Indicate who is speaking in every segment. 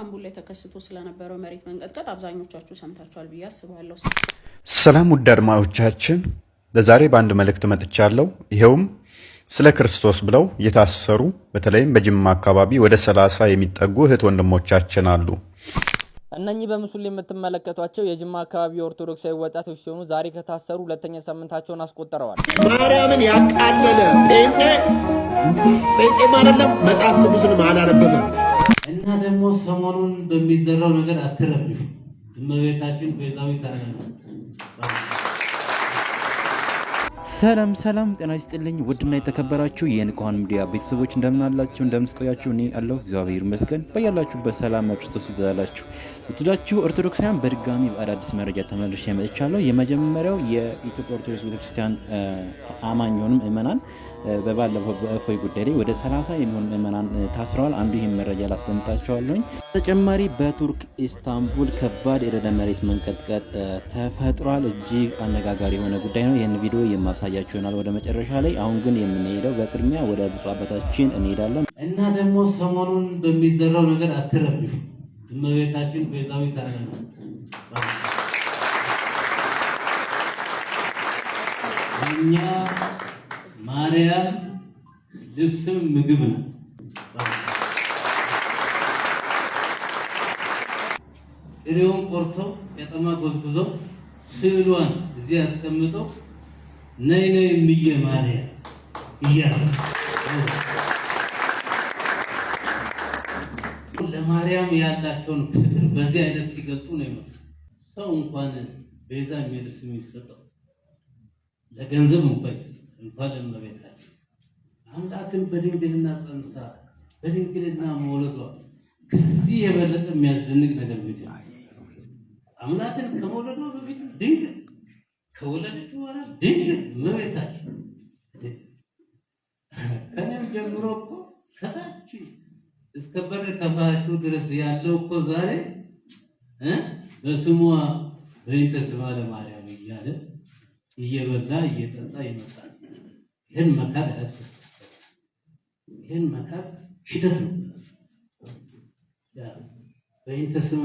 Speaker 1: ኢስታንቡል ላይ ተከስቶ ስለነበረው መሬት መንቀጥቀጥ አብዛኞቻችሁ ሰምታችኋል ብዬ አስባለሁ። ሰላም ውድ አድማጮቻችን፣ ለዛሬ በአንድ መልእክት መጥቻለሁ። ይኸውም ስለ ክርስቶስ ብለው የታሰሩ በተለይም በጅማ አካባቢ ወደ ሰላሳ የሚጠጉ እህት ወንድሞቻችን አሉ። እነኚህ በምስሉ ላይ የምትመለከቷቸው የጅማ አካባቢ ኦርቶዶክሳዊ ወጣቶች ሲሆኑ ዛሬ ከታሰሩ ሁለተኛ ሳምንታቸውን አስቆጠረዋል።
Speaker 2: ማርያምን ያቃለለ ጴንጤ ጴንጤም አይደለም መጽሐፍ ቅዱስንም አላነበበም። እና ደግሞ ሰሞኑን በሚዘራው ነገር አትረብሹ። እመቤታችን ቤዛዊት አለ
Speaker 1: ሰላም ሰላም፣ ጤና ይስጥልኝ ውድና የተከበራችሁ የንቁሃን ሚዲያ ቤተሰቦች እንደምናላችሁ እንደምንስቆያችሁ፣ እኔ አለሁ እግዚአብሔር ይመስገን። በያላችሁበት ሰላም ክርስቶስ ይብዛላችሁ። የተወደዳችሁ ኦርቶዶክሳውያን በድጋሚ በአዳዲስ መረጃ ተመልሼ መጥቻለሁ። የመጀመሪያው የኢትዮጵያ ኦርቶዶክስ ቤተክርስቲያን አማኝ የሆኑ ምእመናን በባለፈው በእፎይ ጉዳይ ላይ ወደ 30 የሚሆኑ ምእመናን ታስረዋል። አንዱ ይህም መረጃ ላስደምጣቸዋለኝ። በተጨማሪ በቱርክ ኢስታንቡል ከባድ የረደ መሬት መንቀጥቀጥ ተፈጥሯል። እጅግ አነጋጋሪ የሆነ ጉዳይ ነው። ይህን ቪዲዮ የማሳያቸው ይሆናል ወደ መጨረሻ ላይ። አሁን ግን የምንሄደው በቅድሚያ ወደ ብፁዕ አባታችን እንሄዳለን
Speaker 2: እና ደግሞ ሰሞኑን በሚዘራው ነገር አትረብሹ እመቤታችን ቤዛዊት ነው። እኛ ማርያም ልብስም ምግብ ነው። ጥሬውን ቆርተው የጠማ ጎዝጉዘው ስዕሏን እዚህ አስቀምጠው ነይ ነይ እምዬ ማርያም እያለ ለማርያም ያላቸውን ፍቅር በዚህ አይነት ሲገልጡ ነው ይመስል ሰው እንኳን ቤዛ የሚል ስም ይሰጠው ለገንዘብ እንኳን እንኳን ለእመቤታችን አምላክን በድንግልና ጸንሳ በድንግልና መውለዷ ከዚህ የበለጠ የሚያስደንቅ ነገር ቢሆን አምላክን ከመውለዷ በፊት ድንግል ከወለደች በኋላ ድንግል እመቤታችን ከእኔም ጀምሮ እኮ ከታች እስከ በር ከፋችሁ ድረስ ያለው እኮ ዛሬ በስሟ በእንተ ስማ ለማርያም እያለ እየበላ እየጠጣ ይመጣል። ይህን መካድ አያስፈልግም። ይህን መካድ ሂደት ነው። በእንተ ስማ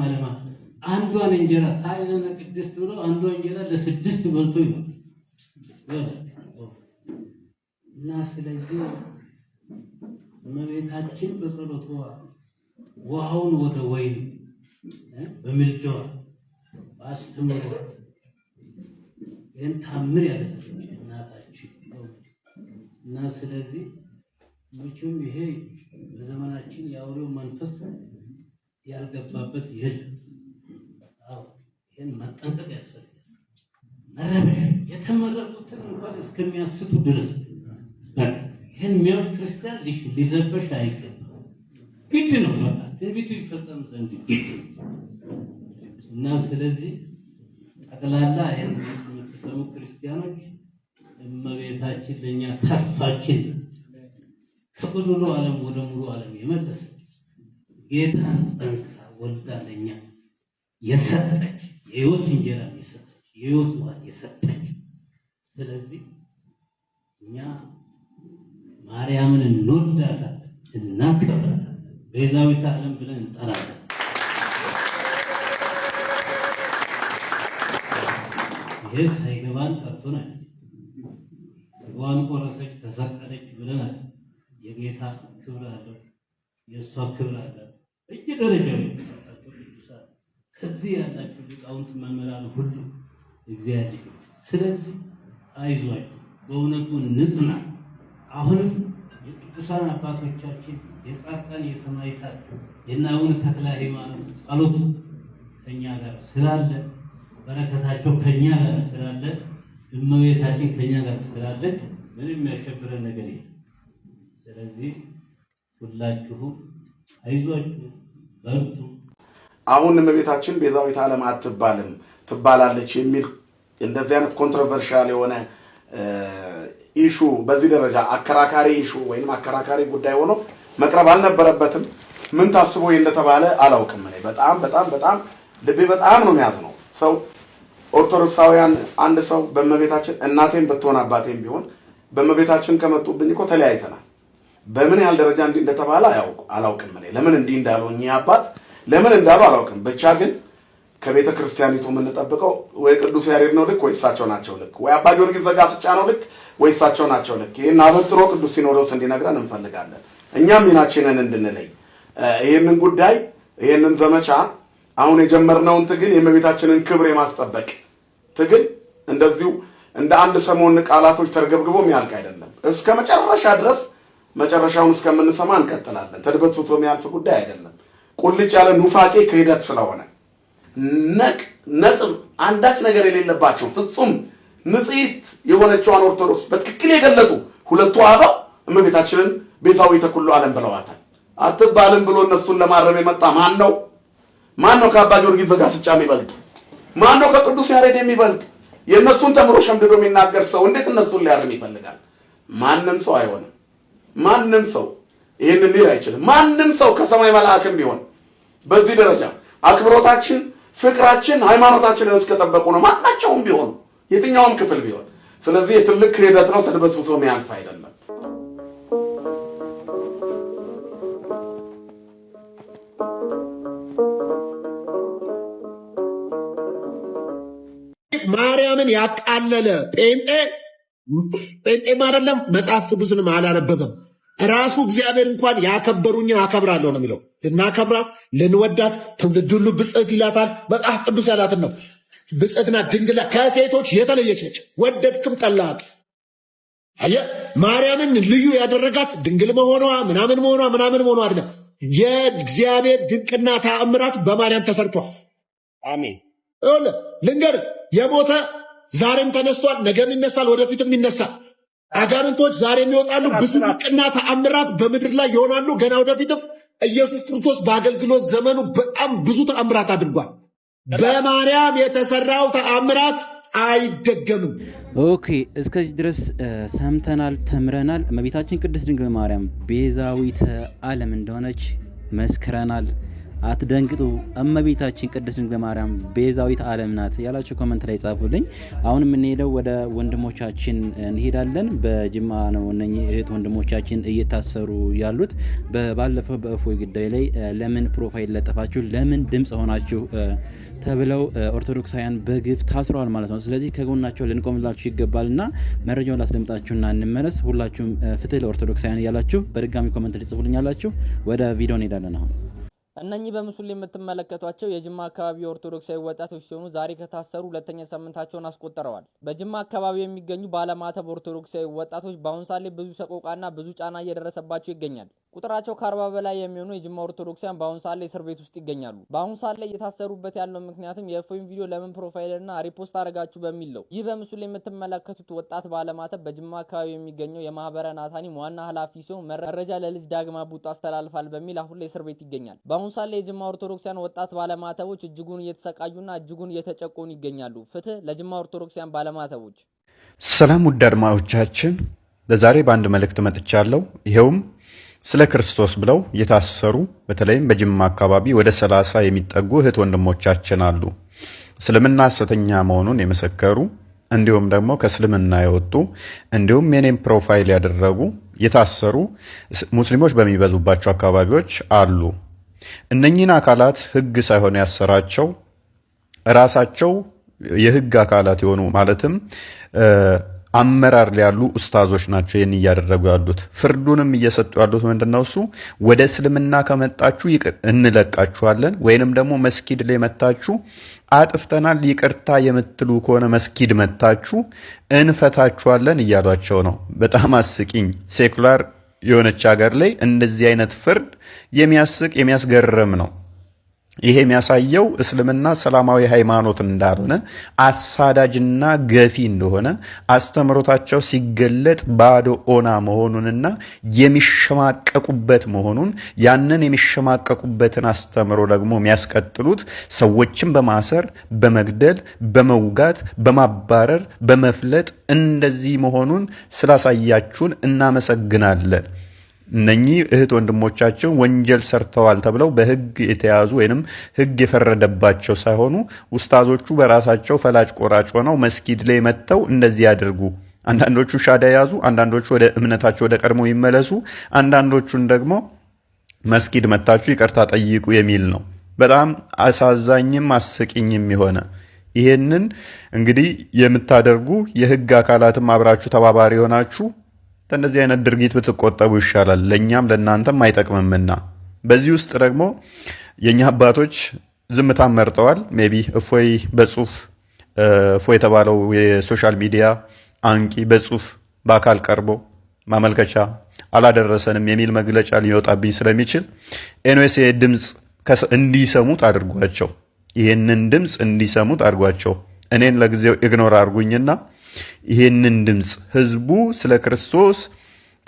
Speaker 2: አንዷን እንጀራ ሳይሆን ቅድስት ብሎ አንዷ እንጀራ ለስድስት በልቶ ይሆናል እና ስለዚህ እመቤታችን በጸሎቷ ውሃውን ወደ ወይን በምልጃዋ በአስተምሯ ይህን ታምር ያለች እናታችን እና ስለዚህ መቼም ይሄ በዘመናችን የአውሬው መንፈስ ያልገባበት የለም። ይህን መጠንቀቅ ያስፈልጋል። መረበሽ የተመረጡትን እንኳን እስከሚያስቱ ድረስ ይህን የሚያውቅ ክርስቲያን ሊረበሽ አይገባም። ግድ ነው በቃ ትንቢቱ ይፈጸም ዘንድ ግድ እና ስለዚህ ጠቅላላ የምትሰሙ ክርስቲያኖች እመቤታችን ለእኛ ተስፋችን ከጎዶሎ ዓለም ወደ ሙሉ ዓለም የመለሰች ጌታን ጸንሳ ወልዳ ለእኛ የሰጠች የህይወት እንጀራ የሰጠች የህይወት ውሃ የሰጠች ስለዚህ እኛ ማርያምን እንወዳታት፣ እናከብራታት፣ ቤዛዊት ዓለም ብለን እንጠራታል። ይህ ሳይገባን ቀርቶናል። ስጋዋን ቆረሰች፣ ተሰቀለች ብለናል። የጌታ ክብር አለው፣ የእሷ ክብር አላት። በየደረጃው የተሰጣቸው ቅዱሳን ከዚህ ያላችሁ ሊቃውንት መምህራን ሁሉ እግዚአብሔር ስለዚህ አይዟችሁ በእውነቱ ንጽና አሁንም የቅዱሳን አባቶቻችን የጻድቃን የሰማዕታት የእነ አቡነ ተክለ ሃይማኖት ጸሎት ከኛ ጋር ስላለ በረከታቸው ከኛ ጋር ስላለ እመቤታችን ከኛ ጋር ስላለች ምንም የሚያሸብረን ነገር የለም። ስለዚህ ሁላችሁም አይዟችሁ በርቱ።
Speaker 3: አሁን እመቤታችን ቤዛዊት ዓለም አትባልም ትባላለች የሚል እንደዚህ አይነት ኮንትሮቨርሻል የሆነ ኢሹ በዚህ ደረጃ አከራካሪ ኢሹ ወይም አከራካሪ ጉዳይ ሆኖ መቅረብ አልነበረበትም። ምን ታስቦ እንደተባለ አላውቅም። እኔ በጣም በጣም በጣም ልቤ በጣም ነው ነው። ሰው ኦርቶዶክሳውያን አንድ ሰው በእመቤታችን እናቴም ብትሆን አባቴም ቢሆን በእመቤታችን ከመጡብኝ እኮ ተለያይተናል። በምን ያህል ደረጃ እንዲህ እንደተባለ አላውቅም። እኔ ለምን እንዲህ እንዳሉ እኚህ አባት ለምን እንዳሉ አላውቅም። ብቻ ግን ከቤተ ክርስቲያኒቱ የምንጠብቀው ወይ ቅዱስ ያሬድ ነው ልክ ወይ እሳቸው ናቸው ልክ፣ ወይ አባ ጊዮርጊስ ዘጋስጫ ነው ልክ ወይ እሳቸው ናቸው ልክ። ይህን አበጥሮ ቅዱስ ሲኖዶስ እንዲነግረን እንፈልጋለን። እኛም ሚናችንን እንድንለይ ይህንን ጉዳይ ይህንን ዘመቻ አሁን የጀመርነውን ትግል የእመቤታችንን ክብር የማስጠበቅ ትግል እንደዚሁ እንደ አንድ ሰሞን ቃላቶች ተርገብግቦ የሚያልቅ አይደለም። እስከ መጨረሻ ድረስ መጨረሻውን እስከምንሰማ እንቀጥላለን። ተድበስብሶ የሚያልፍ ጉዳይ አይደለም። ቁልጭ ያለ ኑፋቄ ክህደት ስለሆነ ነጥብ አንዳች ነገር የሌለባቸው ፍጹም ንጽሕት የሆነችዋን ኦርቶዶክስ በትክክል የገለጡ ሁለቱ አበው እመቤታችንን ቤዛዊተ ኩሉ ዓለም ብለዋታል። አትባልም ብሎ እነሱን ለማረም የመጣ ማን ነው? ማን ነው ከአባ ጊዮርጊስ ዘጋስጫ የሚበልጥ? ማን ነው ከቅዱስ ያሬድ የሚበልጥ? የእነሱን ተምሮ ሸምድዶ የሚናገር ሰው እንዴት እነሱን ሊያርም ይፈልጋል? ማንም ሰው አይሆንም። ማንም ሰው ይህን ሊል አይችልም። ማንም ሰው ከሰማይ መልአክም ቢሆን በዚህ ደረጃ አክብሮታችን ፍቅራችን ሃይማኖታችንን እስከጠበቁ ነው፣ ማናቸውም ቢሆን የትኛውም ክፍል ቢሆን። ስለዚህ የትልቅ ክህደት ነው፣ ተድበስብሶ የሚያልፍ አይደለም።
Speaker 2: ማርያምን ያቃለለ ጴንጤ ጴንጤም አይደለም፣ መጽሐፍ ቅዱስንም አላነበበም። ራሱ እግዚአብሔር እንኳን ያከበሩኝን አከብራለሁ ነው የሚለው። ልናከብራት ልንወዳት፣ ትውልድ ሁሉ ብጽዕት ይላታል መጽሐፍ ቅዱስ ያላትን ነው። ብጽዕትና ድንግላ ከሴቶች የተለየች ነች። ወደድክም ጠላት አየ ማርያምን ልዩ ያደረጋት ድንግል መሆኗ ምናምን መሆኗ ምናምን መሆኗ አይደለም። የእግዚአብሔር ድንቅና ተአምራት በማርያም ተሰርቷል። አሜን። ልንገር የሞተ ዛሬም ተነስቷል፣ ነገም ይነሳል፣ ወደፊትም ይነሳል። አጋንንቶች ዛሬ የሚወጣሉ። ብዙ ድንቅና ተአምራት በምድር ላይ ይሆናሉ። ገና ወደፊትም ኢየሱስ ክርስቶስ በአገልግሎት ዘመኑ በጣም ብዙ ተአምራት አድርጓል። በማርያም የተሰራው ተአምራት አይደገምም።
Speaker 1: ኦኬ፣ እስከዚህ ድረስ ሰምተናል፣ ተምረናል። እመቤታችን ቅድስት ድንግል ማርያም ቤዛዊተ ዓለም እንደሆነች መስክረናል። አትደንግጡ እመቤታችን ቅድስት ድንግል ማርያም ቤዛዊት ዓለም ናት ያላቸው ኮመንት ላይ ጻፉልኝ። አሁን የምንሄደው ወደ ወንድሞቻችን እንሄዳለን። በጅማ ነው እነኚህ እህት ወንድሞቻችን እየታሰሩ ያሉት። ባለፈው በእፎይ ጉዳይ ላይ ለምን ፕሮፋይል ለጠፋችሁ፣ ለምን ድምፅ ሆናችሁ ተብለው ኦርቶዶክሳውያን በግፍ ታስረዋል ማለት ነው። ስለዚህ ከጎናቸው ልንቆምላችሁ ይገባል እና መረጃውን ላስደምጣችሁና እንመለስ። ሁላችሁም ፍትህ ለኦርቶዶክሳውያን እያላችሁ በድጋሚ ኮመንት ሊጽፉልኝ ያላችሁ ወደ ቪዲዮ እንሄዳለን አሁን እነኚህ በምስሉ ላይ የምትመለከቷቸው የጅማ አካባቢ የኦርቶዶክሳዊ ወጣቶች ሲሆኑ ዛሬ ከታሰሩ ሁለተኛ ሳምንታቸውን አስቆጠረዋል። በጅማ አካባቢ የሚገኙ ባለማተብ ኦርቶዶክሳዊ ወጣቶች በአሁን ሰዓት ላይ ብዙ ሰቆቃና ብዙ ጫና እየደረሰባቸው ይገኛል። ቁጥራቸው ከአርባ በላይ የሚሆኑ የጅማ ኦርቶዶክሲያን በአሁኑ ሰዓት ላይ እስር ቤት ውስጥ ይገኛሉ። በአሁኑ ሰዓት ላይ እየታሰሩበት ያለው ምክንያትም የኤፍኤም ቪዲዮ ለምን ፕሮፋይልና ሪፖስት አደረጋችሁ በሚል ነው። ይህ በምስሉ ላይ የምትመለከቱት ወጣት ባለማተብ በጅማ አካባቢ የሚገኘው የማህበረ ናታኒም ዋና ኃላፊ ሲሆን መረጃ ለልጅ ዳግማ ቡጡ አስተላልፋል በሚል አሁን ላይ እስር ቤት ይገኛል። በአሁኑ ሰዓት ላይ የጅማ ኦርቶዶክሲያን ወጣት ባለማተቦች እጅጉን እየተሰቃዩና እጅጉን እየተጨቆኑ ይገኛሉ። ፍትህ ለጅማ ኦርቶዶክሲያን ባለማተቦች። ሰላም ውድ አድማጮቻችን፣ ለዛሬ በአንድ መልእክት መጥቻለሁ። ይኸውም ስለ ክርስቶስ ብለው የታሰሩ በተለይም በጅማ አካባቢ ወደ ሰላሳ የሚጠጉ እህት ወንድሞቻችን አሉ። እስልምና ሐሰተኛ መሆኑን የመሰከሩ እንዲሁም ደግሞ ከእስልምና የወጡ እንዲሁም የኔም ፕሮፋይል ያደረጉ የታሰሩ ሙስሊሞች በሚበዙባቸው አካባቢዎች አሉ። እነኚህን አካላት ህግ ሳይሆን ያሰራቸው ራሳቸው የህግ አካላት የሆኑ ማለትም አመራር ላይ ያሉ ኡስታዞች ናቸው ይህን እያደረጉ ያሉት። ፍርዱንም እየሰጡ ያሉት ምንድነው? እሱ ወደ እስልምና ከመጣችሁ እንለቃችኋለን፣ ወይንም ደግሞ መስጊድ ላይ መታችሁ አጥፍተናል ይቅርታ የምትሉ ከሆነ መስጊድ መታችሁ እንፈታችኋለን እያሏቸው ነው። በጣም አስቂኝ ሴኩላር የሆነች ሀገር ላይ እንደዚህ አይነት ፍርድ የሚያስቅ የሚያስገርም ነው። ይሄ የሚያሳየው እስልምና ሰላማዊ ሃይማኖት እንዳልሆነ አሳዳጅና ገፊ እንደሆነ አስተምሮታቸው ሲገለጥ ባዶ ኦና መሆኑንና የሚሸማቀቁበት መሆኑን ያንን የሚሸማቀቁበትን አስተምሮ ደግሞ የሚያስቀጥሉት ሰዎችን በማሰር፣ በመግደል፣ በመውጋት፣ በማባረር፣ በመፍለጥ እንደዚህ መሆኑን ስላሳያችሁን እናመሰግናለን። እነኚህ እህት ወንድሞቻችን ወንጀል ሰርተዋል ተብለው በህግ የተያዙ ወይንም ህግ የፈረደባቸው ሳይሆኑ ውስታዞቹ በራሳቸው ፈላጭ ቆራጭ ሆነው መስጊድ ላይ መጥተው እንደዚህ ያድርጉ አንዳንዶቹ ሻዳ ያዙ፣ አንዳንዶቹ ወደ እምነታቸው ወደ ቀድሞ ይመለሱ፣ አንዳንዶቹን ደግሞ መስጊድ መታችሁ ይቅርታ ጠይቁ የሚል ነው። በጣም አሳዛኝም አስቂኝም የሆነ ይሄንን እንግዲህ የምታደርጉ የህግ አካላትም አብራችሁ ተባባሪ የሆናችሁ ከእነዚህ አይነት ድርጊት ብትቆጠቡ ይሻላል፣ ለእኛም ለእናንተም አይጠቅምምና። በዚህ ውስጥ ደግሞ የእኛ አባቶች ዝምታን መርጠዋል። ሜይ ቢ እፎይ በጽሁፍ እፎ የተባለው የሶሻል ሚዲያ አንቂ በጽሁፍ በአካል ቀርቦ ማመልከቻ አላደረሰንም የሚል መግለጫ ሊወጣብኝ ስለሚችል ኤንስ ድምፅ እንዲሰሙት አድርጓቸው፣ ይህንን ድምፅ እንዲሰሙት አድርጓቸው። እኔን ለጊዜው ኢግኖር አድርጉኝና ይህንን ድምፅ ህዝቡ ስለ ክርስቶስ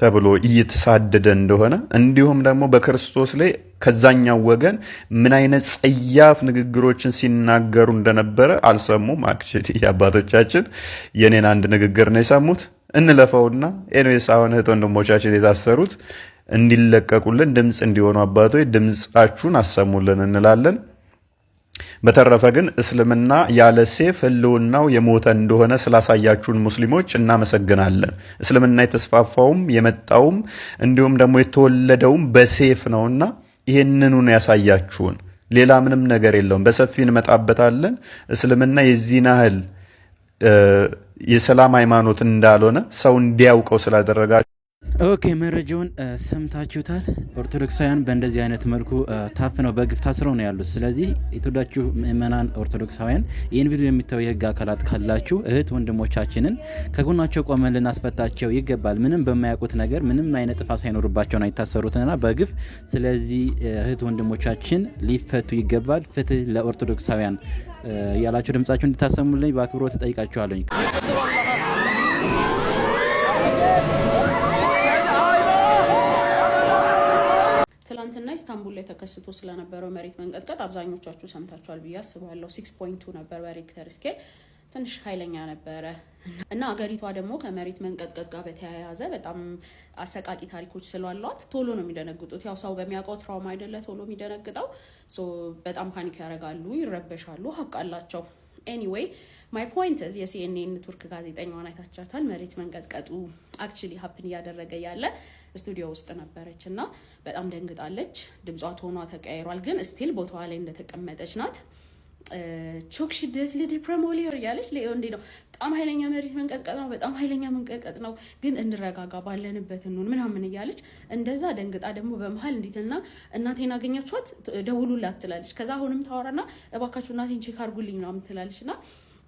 Speaker 1: ተብሎ እየተሳደደ እንደሆነ እንዲሁም ደግሞ በክርስቶስ ላይ ከዛኛው ወገን ምን አይነት ጸያፍ ንግግሮችን ሲናገሩ እንደነበረ አልሰሙም። አክቹዋሊ የአባቶቻችን የኔን አንድ ንግግር ነው የሰሙት። እንለፈውና ኤንዌስ አሁን እህት ወንድሞቻችን የታሰሩት እንዲለቀቁልን ድምፅ እንዲሆኑ አባቶች ድምፃችሁን አሰሙልን እንላለን። በተረፈ ግን እስልምና ያለ ሴፍ ህልውናው የሞተ እንደሆነ ስላሳያችሁን ሙስሊሞች እናመሰግናለን። እስልምና የተስፋፋውም የመጣውም እንዲሁም ደግሞ የተወለደውም በሴፍ ነውና ይህንኑን ያሳያችሁን። ሌላ ምንም ነገር የለውም። በሰፊ እንመጣበታለን። እስልምና የዚህን ያህል የሰላም ሃይማኖት እንዳልሆነ ሰው እንዲያውቀው ስላደረጋችሁ ኦኬ መረጃውን ሰምታችሁታል። ኦርቶዶክሳውያን በእንደዚህ አይነት መልኩ ታፍነው በግፍ ታስረው ነው ያሉት። ስለዚህ የተወዳችሁ ምእመናን ኦርቶዶክሳውያን ይህን ቪዲዮ የሚታዩ የህግ አካላት ካላችሁ እህት ወንድሞቻችንን ከጎናቸው ቆመን ልናስፈታቸው ይገባል። ምንም በማያውቁት ነገር ምንም አይነት ጥፋት ሳይኖርባቸው ነው የታሰሩትና በግፍ ስለዚህ እህት ወንድሞቻችን ሊፈቱ ይገባል። ፍትህ ለኦርቶዶክሳውያን እያላቸው ድምጻችሁ እንድታሰሙልኝ በአክብሮት እጠይቃችኋለሁ።
Speaker 4: ትናንትና ኢስታንቡል ላይ ተከስቶ ስለነበረው መሬት መንቀጥቀጥ አብዛኞቻችሁ ሰምታችኋል ብዬ አስባለሁ። ሲክስ ፖይንት ነበር በሬክተር ስኬል ትንሽ ኃይለኛ ነበረ እና አገሪቷ ደግሞ ከመሬት መንቀጥቀጥ ጋር በተያያዘ በጣም አሰቃቂ ታሪኮች ስላሏት ቶሎ ነው የሚደነግጡት። ያው ሰው በሚያውቀው ትራውማ አይደለ ቶሎ የሚደነግጠው። በጣም ፓኒክ ያደርጋሉ፣ ይረበሻሉ። ሀቅ አላቸው። ኤኒዌይ ማይ ፖይንት ዝ የሲኤንኤን ቱርክ ጋዜጠኛዋን አይታቻታል። መሬት መንቀጥቀጡ አክቹሊ ሀፕን እያደረገ ያለ ስቱዲዮ ውስጥ ነበረች እና በጣም ደንግጣለች። ድምጿ ቶኗ ተቀያይሯል፣ ግን ስቲል ቦታዋ ላይ እንደተቀመጠች ናት። ቾክሽ ደስ ልድ እያለች ሌ እንዲ ነው። በጣም ኃይለኛ መሬት መንቀጥቀጥ ነው፣ በጣም ኃይለኛ መንቀጥቀጥ ነው፣ ግን እንረጋጋ፣ ባለንበት እንሆን ምናምን እያለች እንደዛ ደንግጣ ደግሞ በመሀል እንዲትና እናቴን አገኛችኋት ደውሉላት ትላለች። ከዛ አሁንም ታወራና እባካችሁ እናቴን ቼክ አርጉልኝ ነው ትላለች እና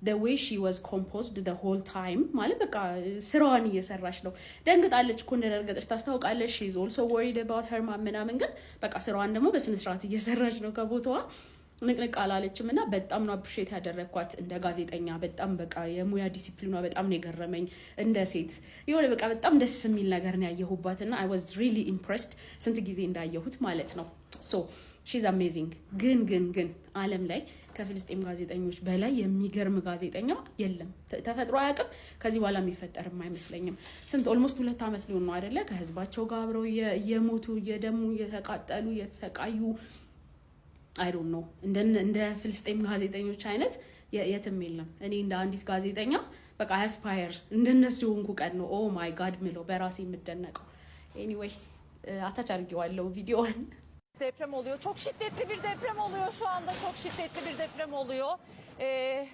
Speaker 4: ዌይ ሺ ዋዝ ኮምፖዝድ ደ ሆል ታይም ማለት በቃ ስራዋን እየሰራች ነው። ደንግጣለች እኮ እንደደረገጠች ታስታውቃለች። ሺ ኢዝ ኦልሶ ወሪድ አባውት ሄር ማም ምናምን፣ ግን በቃ ስራዋን ደግሞ በስነስርዓት እየሰራች ነው ከቦታዋ ንቅንቅ አላለችም እና በጣም ነው አፕሪሼት ያደረግኳት እንደ ጋዜጠኛ። በጣም በቃ የሙያ ዲሲፕሊኗ በጣም ነው የገረመኝ። እንደ ሴት የሆነ በቃ በጣም ደስ የሚል ነገር ነው ያየሁባት እና አይ ዋዝ ሪሊ ኢምፕሬስድ ስንት ጊዜ እንዳየሁት ማለት ነው። ሶ ሺዝ አሜዚንግ። ግን ግን ግን አለም ላይ ከፍልስጤም ጋዜጠኞች በላይ የሚገርም ጋዜጠኛ የለም። ተፈጥሮ አያውቅም። ከዚህ በኋላ የሚፈጠርም አይመስለኝም። ስንት ኦልሞስት ሁለት ዓመት ሊሆን ነው አይደለ? ከህዝባቸው ጋር አብረው የሞቱ የደሙ የተቃጠሉ የተሰቃዩ አይዶ ነው። እንደ ፍልስጤም ጋዜጠኞች አይነት የትም የለም። እኔ እንደ አንዲት ጋዜጠኛ በቃ አስፓየር እንደነሱ የሆንኩ ቀን ነው ኦ ማይ ጋድ ምለው በራሴ የምደነቀው። ኤኒዌይ አታች አድርጌዋለሁ ቪዲዮን
Speaker 5: deprem oluyor. Çok şiddetli bir deprem oluyor şu anda. Çok şiddetli bir deprem oluyor. Ee,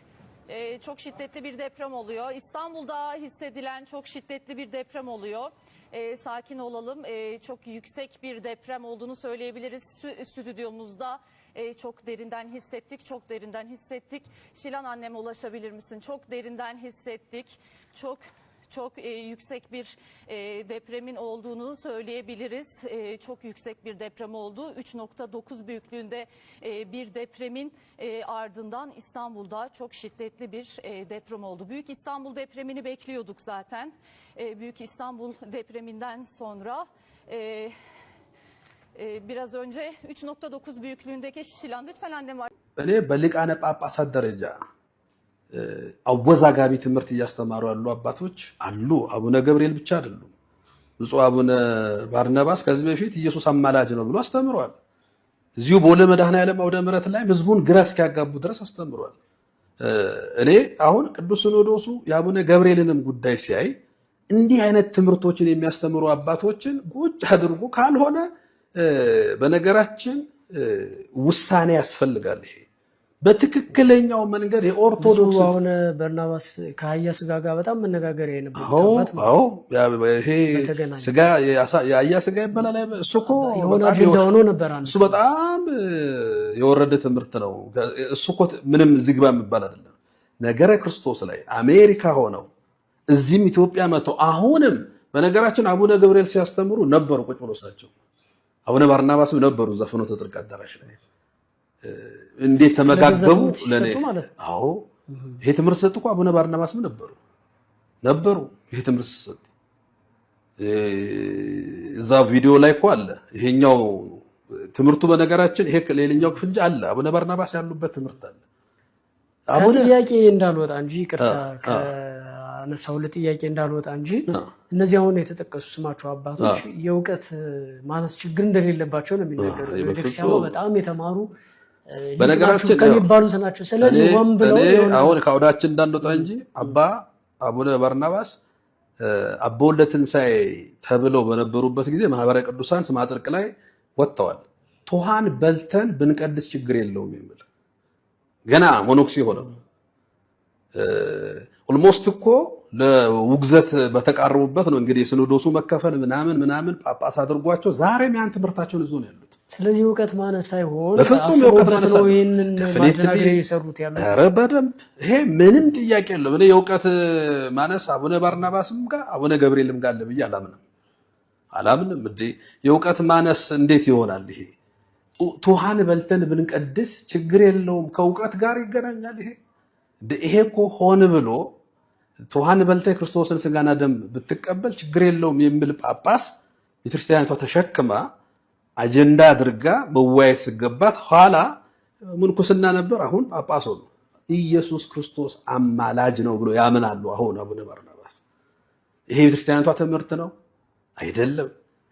Speaker 5: e, çok şiddetli bir deprem oluyor. İstanbul'da hissedilen çok şiddetli bir deprem oluyor. E, sakin olalım. E, çok yüksek bir deprem olduğunu söyleyebiliriz Stü stüdyomuzda. E, çok derinden hissettik, çok derinden hissettik. Şilan anneme ulaşabilir misin? Çok derinden hissettik. Çok çok e, yüksek bir e, depremin olduğunu söyleyebiliriz. E, çok yüksek bir deprem oldu. 3.9 büyüklüğünde e, bir depremin e, ardından İstanbul'da çok şiddetli bir e, deprem oldu. Büyük İstanbul depremini bekliyorduk zaten. E, Büyük İstanbul depreminden sonra... E, e biraz önce 3.9 büyüklüğündeki Şişilan lütfen annem
Speaker 2: var. balık በሊቃነ ጳጳሳት derece. አወዛጋቢ ትምህርት እያስተማሩ ያሉ አባቶች አሉ። አቡነ ገብርኤል ብቻ አይደሉም። ብፁዕ አቡነ ባርነባስ ከዚህ በፊት ኢየሱስ አማላጅ ነው ብሎ አስተምሯል። እዚሁ በወለ መድኃኔዓለም አውደ ምሕረት ላይ ህዝቡን ግራ እስኪያጋቡ ድረስ አስተምሯል። እኔ አሁን ቅዱስ ሲኖዶሱ የአቡነ ገብርኤልንም ጉዳይ ሲያይ እንዲህ አይነት ትምህርቶችን የሚያስተምሩ አባቶችን ቁጭ አድርጎ ካልሆነ በነገራችን ውሳኔ ያስፈልጋል ይሄ በትክክለኛው መንገድ የኦርቶዶክስ አሁን
Speaker 6: በርናባስ ከአህያ ስጋ ጋር በጣም መነጋገር
Speaker 2: የአህያ ስጋ ይበላል። እሱ እኮ እሱ በጣም የወረደ ትምህርት ነው። እሱ እኮ ምንም ዝግባ የሚባል አይደለም። ነገረ ክርስቶስ ላይ አሜሪካ ሆነው እዚህም ኢትዮጵያ መጥተው አሁንም በነገራችን አቡነ ገብርኤል ሲያስተምሩ ነበሩ። ቁጭ ብሎ እሳቸው አቡነ ባርናባስም ነበሩ ዘፍኖ ተጽድቅ አዳራሽ ላይ እንዴት ተመጋገቡ? ለኔ አዎ፣ ይሄ ትምህርት ሰጥ እኮ አቡነ ባርናባስም ነበሩ ነበሩ። ይሄ ትምህርት ሰጥ እዛ ቪዲዮ ላይ እኮ አለ። ይሄኛው ትምህርቱ በነገራችን ይሄ ሌላኛው ክፍል እንጂ አለ። አቡነ ባርናባስ ያሉበት ትምህርት አለ።
Speaker 6: ጥያቄ እንዳልወጣ እንጂ ቅርታ አነሳው ለጥያቄ እንዳልወጣ እንጂ እነዚህ አሁን የተጠቀሱ ስማቸው አባቶች የእውቀት ማነስ ችግር እንደሌለባቸው ነው የሚነገሩ። ቤተክርስቲያኑ በጣም የተማሩ
Speaker 2: በነገራችን የሚባሉት ናቸው። ስለዚህ አሁን ከአውዳችን እንዳንወጣ እንጂ አባ አቡነ ባርናባስ አቦለ ትንሣኤ ተብለው በነበሩበት ጊዜ ማህበረ ቅዱሳን ስመ ጽድቅ ላይ ወጥተዋል። ቶሃን በልተን ብንቀድስ ችግር የለውም የሚል ገና ሞኖክሲ ሆነው ኦልሞስት እኮ ለውግዘት በተቃረቡበት ነው እንግዲህ የሲኖዶሱ መከፈል ምናምን ምናምን ጳጳስ አድርጓቸው ዛሬም ያን ትምህርታቸውን ይዞ ነው ያለው። ስለዚህ
Speaker 6: እውቀት ማነስ ሳይሆን በፍጹም የእውቀት ማነስ
Speaker 2: በደንብ ይሄ ምንም ጥያቄ የለም። እኔ የእውቀት ማነስ አቡነ ባርናባስም ጋር አቡነ ገብርኤልም ጋር አለ ብዬ አላምንም አላምንም። እንደ የእውቀት ማነስ እንዴት ይሆናል? ይሄ ቱሃን በልተን ብንቀድስ ችግር የለውም ከእውቀት ጋር ይገናኛል። ይሄ ይሄ እኮ ሆን ብሎ ቱሃን በልተ ክርስቶስን ስጋና ደም ብትቀበል ችግር የለውም የሚል ጳጳስ ቤተክርስቲያኒቷ ተሸክማ አጀንዳ አድርጋ መዋየት ሲገባት ኋላ ምንኩስና ነበር፣ አሁን ጳጳስ ሆኑ። ኢየሱስ ክርስቶስ አማላጅ ነው ብሎ ያምናሉ። አሁን አቡነ በርናባስ ይሄ ቤተክርስቲያኒቷ ትምህርት ነው አይደለም።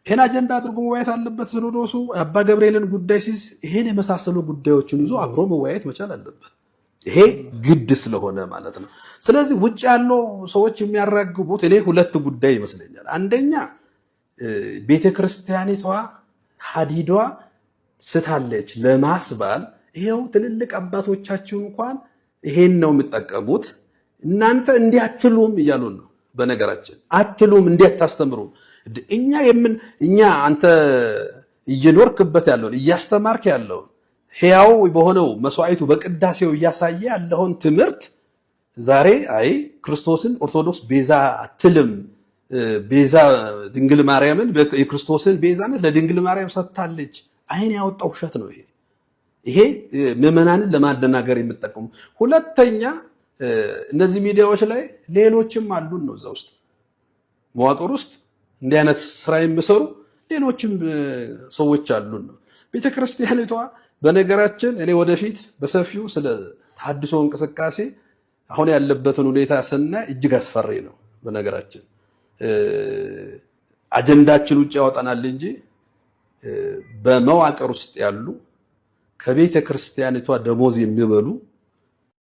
Speaker 2: ይህን አጀንዳ አድርጎ መዋየት አለበት ሲኖዶሱ። አባ ገብርኤልን ጉዳይ ሲዝ ይህን የመሳሰሉ ጉዳዮችን ይዞ አብሮ መዋየት መቻል አለበት። ይሄ ግድ ስለሆነ ማለት ነው። ስለዚህ ውጭ ያለው ሰዎች የሚያራግቡት እኔ ሁለት ጉዳይ ይመስለኛል። አንደኛ ቤተክርስቲያኒቷ ሀዲዷ ስታለች ለማስባል ይሄው ትልልቅ አባቶቻችሁ እንኳን ይሄን ነው የምጠቀሙት፣ እናንተ እንዲህ አትሉም እያሉን ነው። በነገራችን አትሉም እንዴት ታስተምሩ? እኛ የምን እኛ አንተ እየኖርክበት ያለውን እያስተማርክ ያለውን ሕያው በሆነው መስዋዕቱ በቅዳሴው እያሳየ ያለውን ትምህርት ዛሬ አይ ክርስቶስን ኦርቶዶክስ ቤዛ አትልም ቤዛ ድንግል ማርያምን የክርስቶስን ቤዛነት ለድንግል ማርያም ሰጥታለች። አይን ያወጣ ውሸት ነው ይሄ። ይሄ ምዕመናንን ለማደናገር የምጠቀሙ። ሁለተኛ እነዚህ ሚዲያዎች ላይ ሌሎችም አሉን ነው እዛ ውስጥ መዋቅር ውስጥ እንዲህ አይነት ስራ የሚሰሩ ሌሎችም ሰዎች አሉን ነው። ቤተክርስቲያኒቷ በነገራችን እኔ ወደፊት በሰፊው ስለ ተሐድሶ እንቅስቃሴ አሁን ያለበትን ሁኔታ ስናይ እጅግ አስፈሪ ነው በነገራችን አጀንዳችን ውጭ ያወጣናል እንጂ በመዋቅር ውስጥ ያሉ ከቤተ ክርስቲያኒቷ ደሞዝ የሚበሉ